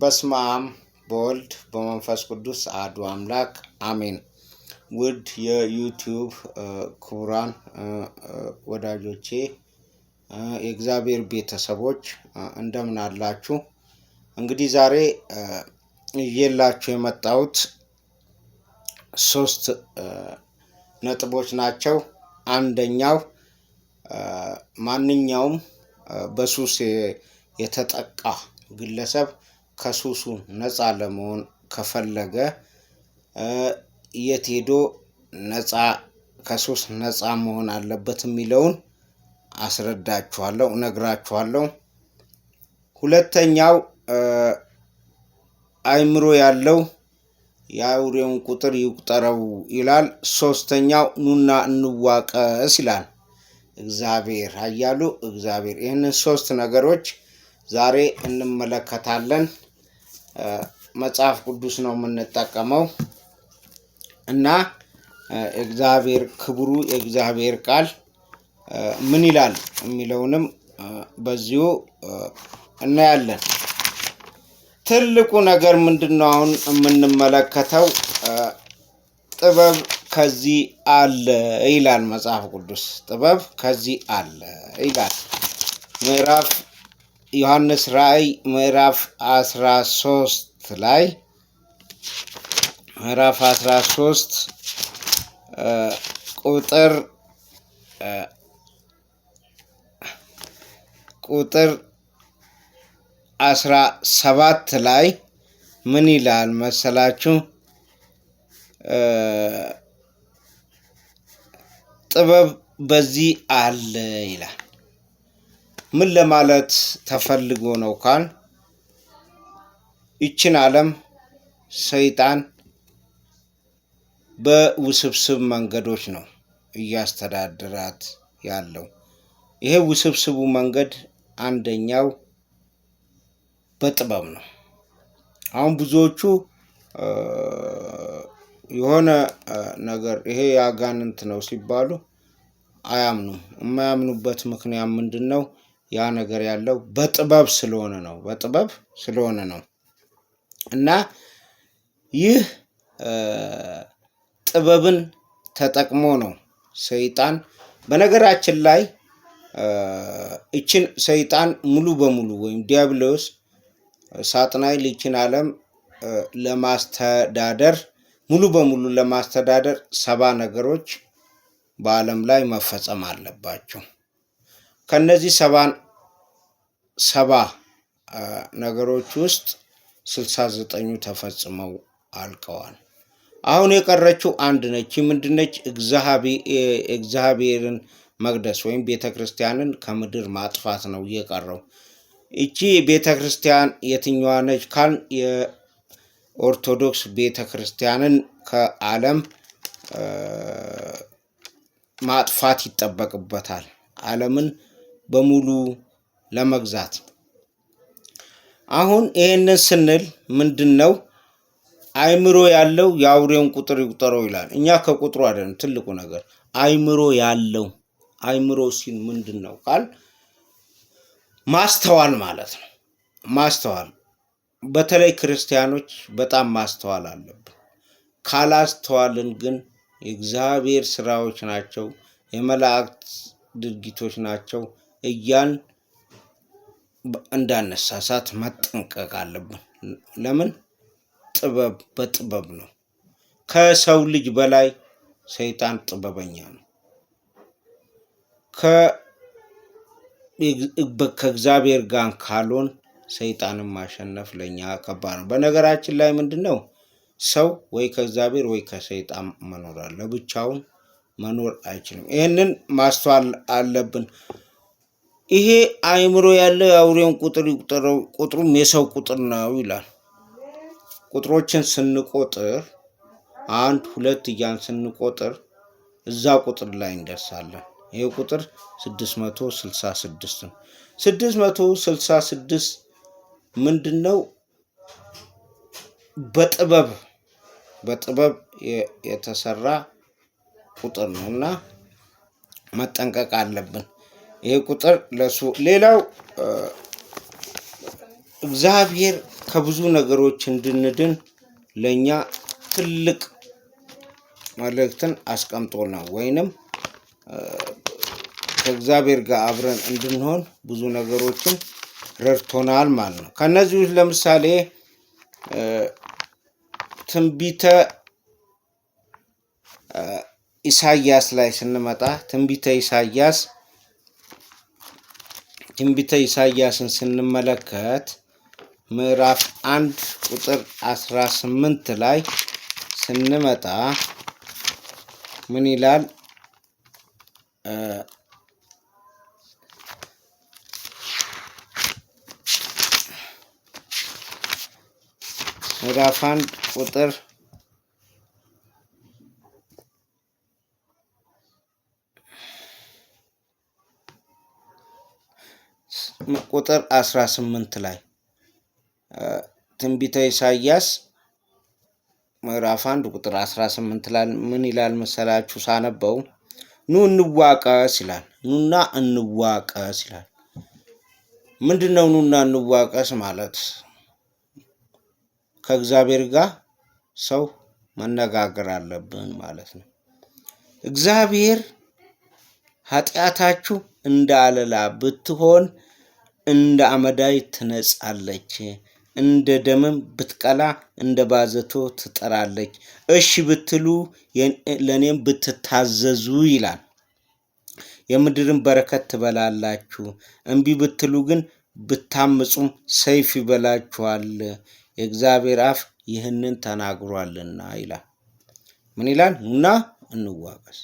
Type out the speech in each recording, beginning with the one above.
በስመ አብ በወልድ በመንፈስ ቅዱስ አሐዱ አምላክ አሜን። ውድ የዩቲዩብ ክቡራን ወዳጆቼ የእግዚአብሔር ቤተሰቦች እንደምን አላችሁ? እንግዲህ ዛሬ እየላችሁ የመጣሁት ሶስት ነጥቦች ናቸው። አንደኛው ማንኛውም በሱስ የተጠቃ ግለሰብ ከሱሱ ነፃ ለመሆን ከፈለገ የት ሄዶ ነፃ ከሱስ ነፃ መሆን አለበት የሚለውን አስረዳችኋለሁ፣ እነግራችኋለሁ። ሁለተኛው አይምሮ ያለው የአውሬውን ቁጥር ይቁጠረው ይላል። ሶስተኛው ኑና እንዋቀስ ይላል። እግዚአብሔር አያሉ እግዚአብሔር። ይህንን ሶስት ነገሮች ዛሬ እንመለከታለን። መጽሐፍ ቅዱስ ነው የምንጠቀመው እና እግዚአብሔር ክብሩ የእግዚአብሔር ቃል ምን ይላል የሚለውንም በዚሁ እናያለን። ትልቁ ነገር ምንድን ነው? አሁን የምንመለከተው ጥበብ ከዚህ አለ ይላል መጽሐፍ ቅዱስ። ጥበብ ከዚህ አለ ይላል ምዕራፍ ዮሐንስ ራእይ ምዕራፍ 13 ላይ ምዕራፍ 13 ቁጥር ቁጥር 17 ላይ ምን ይላል መሰላችሁ? ጥበብ በዚህ አለ ይላል። ምን ለማለት ተፈልጎ ነው ካል ይችን ዓለም ሰይጣን በውስብስብ መንገዶች ነው እያስተዳደራት ያለው። ይሄ ውስብስቡ መንገድ አንደኛው በጥበብ ነው። አሁን ብዙዎቹ የሆነ ነገር ይሄ የአጋንንት ነው ሲባሉ አያምኑም። የማያምኑበት ምክንያት ምንድን ነው? ያ ነገር ያለው በጥበብ ስለሆነ ነው። በጥበብ ስለሆነ ነው እና ይህ ጥበብን ተጠቅሞ ነው ሰይጣን። በነገራችን ላይ እችን ሰይጣን ሙሉ በሙሉ ወይም ዲያብሎስ ሳጥናይል ይችን ዓለም ለማስተዳደር ሙሉ በሙሉ ለማስተዳደር ሰባ ነገሮች በዓለም ላይ መፈጸም አለባቸው። ከነዚህ ሰባን ሰባ ነገሮች ውስጥ ስልሳ ዘጠኙ ተፈጽመው አልቀዋል። አሁን የቀረችው አንድ ነች። ምንድነች? እግዚአብሔርን መቅደስ ወይም ቤተ ክርስቲያንን ከምድር ማጥፋት ነው የቀረው። እቺ ቤተ ክርስቲያን የትኛዋ ነች ካል የኦርቶዶክስ ቤተ ክርስቲያንን ከዓለም ማጥፋት ይጠበቅበታል። ዓለምን በሙሉ ለመግዛት። አሁን ይህንን ስንል ምንድን ነው? አይምሮ ያለው የአውሬውን ቁጥር ይቁጠረው ይላል። እኛ ከቁጥሩ አይደለም ትልቁ ነገር አይምሮ ያለው አይምሮ ሲል ምንድን ነው ቃል ማስተዋል ማለት ነው። ማስተዋል በተለይ ክርስቲያኖች በጣም ማስተዋል አለብን። ካላስተዋልን ግን የእግዚአብሔር ስራዎች ናቸው፣ የመላእክት ድርጊቶች ናቸው እያል እንዳነሳሳት መጠንቀቅ አለብን። ለምን ጥበብ በጥበብ ነው። ከሰው ልጅ በላይ ሰይጣን ጥበበኛ ነው። ከእግዚአብሔር ጋር ካልሆን ሰይጣንን ማሸነፍ ለእኛ ከባድ ነው። በነገራችን ላይ ምንድን ነው ሰው ወይ ከእግዚአብሔር ወይ ከሰይጣን መኖር አለ። ብቻውን መኖር አይችልም። ይህንን ማስተዋል አለብን። ይሄ አእምሮ ያለው የአውሬውን ቁጥር ይቁጠረው፣ ቁጥሩም የሰው ቁጥር ነው ይላል። ቁጥሮችን ስንቆጥር አንድ ሁለት እያን ስንቆጥር እዛ ቁጥር ላይ እንደርሳለን። ይህ ቁጥር 666 ነው። 666 ምንድን ነው? በጥበብ በጥበብ የተሰራ ቁጥር ነው እና መጠንቀቅ አለብን። ይህ ቁጥር ለሱ ሌላው እግዚአብሔር ከብዙ ነገሮች እንድንድን ለእኛ ትልቅ መልእክትን ነው ወይንም ከእግዚአብሔር ጋር አብረን እንድንሆን ብዙ ነገሮችን ረድቶናል ማለት ነው። ከእነዚህ ውስጥ ለምሳሌ ትንቢተ ኢሳያስ ላይ ስንመጣ ትንቢተ ኢሳያስ ትንቢተ ኢሳይያስን ስንመለከት ምዕራፍ አንድ ቁጥር አስራ ስምንት ላይ ስንመጣ ምን ይላል? ምዕራፍ አንድ ቁጥር ቁጥር 18 ላይ ትንቢተ ኢሳይያስ ምዕራፍ 1 ቁጥር 18 ላይ ምን ይላል መሰላችሁ? ሳነበው ኑ እንዋቀስ ይላል። ኑና እንዋቀስ ይላል። ምንድን ነው ኑና እንዋቀስ ማለት? ከእግዚአብሔር ጋር ሰው መነጋገር አለብን ማለት ነው። እግዚአብሔር ኃጢአታችሁ እንዳለላ ብትሆን እንደ አመዳይ ትነጻለች፣ እንደ ደምም ብትቀላ እንደ ባዘቶ ትጠራለች። እሺ ብትሉ ለእኔም ብትታዘዙ ይላል። የምድርን በረከት ትበላላችሁ። እምቢ ብትሉ ግን ብታምፁም ሰይፍ ይበላችኋል፣ የእግዚአብሔር አፍ ይህንን ተናግሯልና ይላል። ምን ይላል? ኑና እንዋቀስ።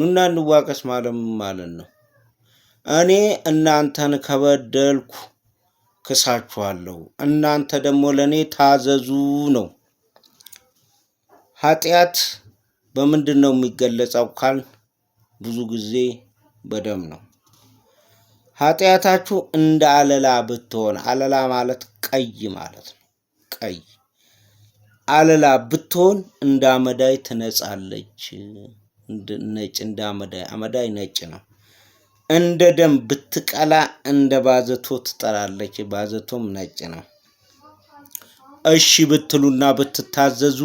ኑና እንዋቀስ ማለም ማለት ነው። እኔ እናንተን ከበደልኩ ክሳችኋለሁ፣ እናንተ ደግሞ ለእኔ ታዘዙ ነው። ኃጢአት በምንድን ነው የሚገለጸው ካል ብዙ ጊዜ በደም ነው። ኃጢአታችሁ እንደ አለላ ብትሆን፣ አለላ ማለት ቀይ ማለት ነው። ቀይ አለላ ብትሆን እንደ አመዳይ ትነጻለች። ነጭ እንደ አመዳይ አመዳይ ነጭ ነው። እንደ ደም ብትቀላ እንደ ባዘቶ ትጠራለች። ባዘቶም ነጭ ነው። እሺ ብትሉና ብትታዘዙ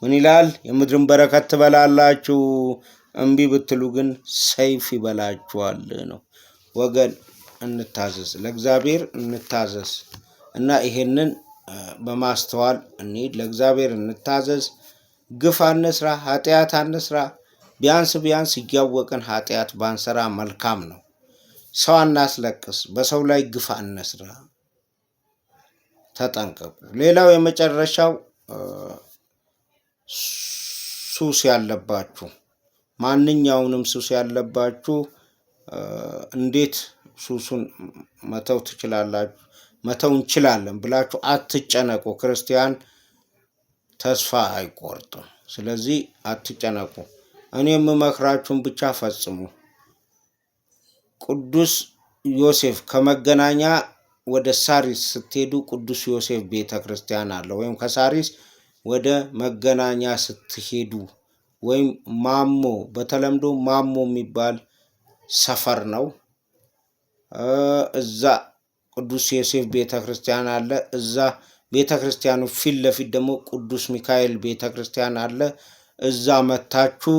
ምን ይላል? የምድርን በረከት ትበላላችሁ። እምቢ ብትሉ ግን ሰይፍ ይበላችኋል ነው። ወገን እንታዘዝ፣ ለእግዚአብሔር እንታዘዝ እና ይሄንን በማስተዋል እንሂድ። ለእግዚአብሔር እንታዘዝ። ግፍ አንስራ፣ ኃጢአት አንስራ። ቢያንስ ቢያንስ እያወቅን ኃጢአት ባንሰራ መልካም ነው። ሰው አናስለቅስ፣ በሰው ላይ ግፍ አነስራ፣ ተጠንቀቁ። ሌላው የመጨረሻው ሱስ ያለባችሁ ማንኛውንም ሱስ ያለባችሁ እንዴት ሱሱን መተው ትችላላችሁ? መተው እንችላለን ብላችሁ አትጨነቁ። ክርስቲያን ተስፋ አይቆርጥም። ስለዚህ አትጨነቁ። እኔ የምመክራችሁን ብቻ ፈጽሙ። ቅዱስ ዮሴፍ ከመገናኛ ወደ ሳሪስ ስትሄዱ ቅዱስ ዮሴፍ ቤተ ክርስቲያን አለ። ወይም ከሳሪስ ወደ መገናኛ ስትሄዱ ወይም ማሞ በተለምዶ ማሞ የሚባል ሰፈር ነው። እዛ ቅዱስ ዮሴፍ ቤተ ክርስቲያን አለ። እዛ ቤተ ክርስቲያኑ ፊት ለፊት ደግሞ ቅዱስ ሚካኤል ቤተ ክርስቲያን አለ። እዛ መታችሁ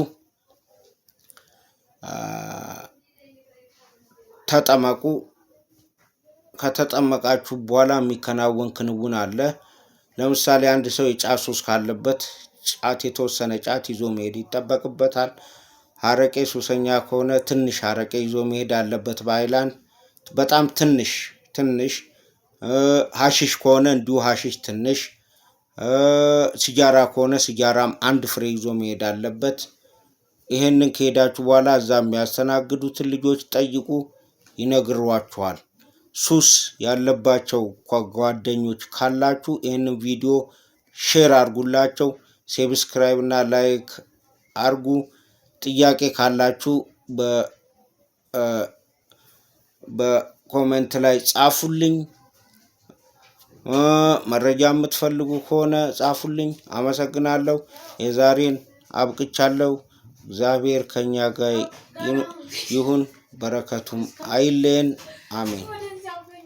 ተጠመቁ። ከተጠመቃችሁ በኋላ የሚከናወን ክንውን አለ። ለምሳሌ አንድ ሰው የጫት ሱስ ካለበት ጫት የተወሰነ ጫት ይዞ መሄድ ይጠበቅበታል። አረቄ ሱሰኛ ከሆነ ትንሽ አረቄ ይዞ መሄድ አለበት። በሀይላንድ በጣም ትንሽ ትንሽ። ሀሺሽ ከሆነ እንዲሁ ሀሺሽ ትንሽ። ሲጃራ ከሆነ ሲጃራም አንድ ፍሬ ይዞ መሄድ አለበት። ይህንን ከሄዳችሁ በኋላ እዛ የሚያስተናግዱትን ልጆች ጠይቁ፣ ይነግሯችኋል። ሱስ ያለባቸው ጓደኞች ካላችሁ ይህንን ቪዲዮ ሼር አርጉላቸው። ሰብስክራይብ እና ላይክ አርጉ። ጥያቄ ካላችሁ በኮሜንት ላይ ጻፉልኝ። መረጃ የምትፈልጉ ከሆነ ጻፉልኝ። አመሰግናለሁ። የዛሬን አብቅቻለሁ። እግዚአብሔር ከእኛ ጋር ይሁን፣ በረከቱም አይለየን። አሜን።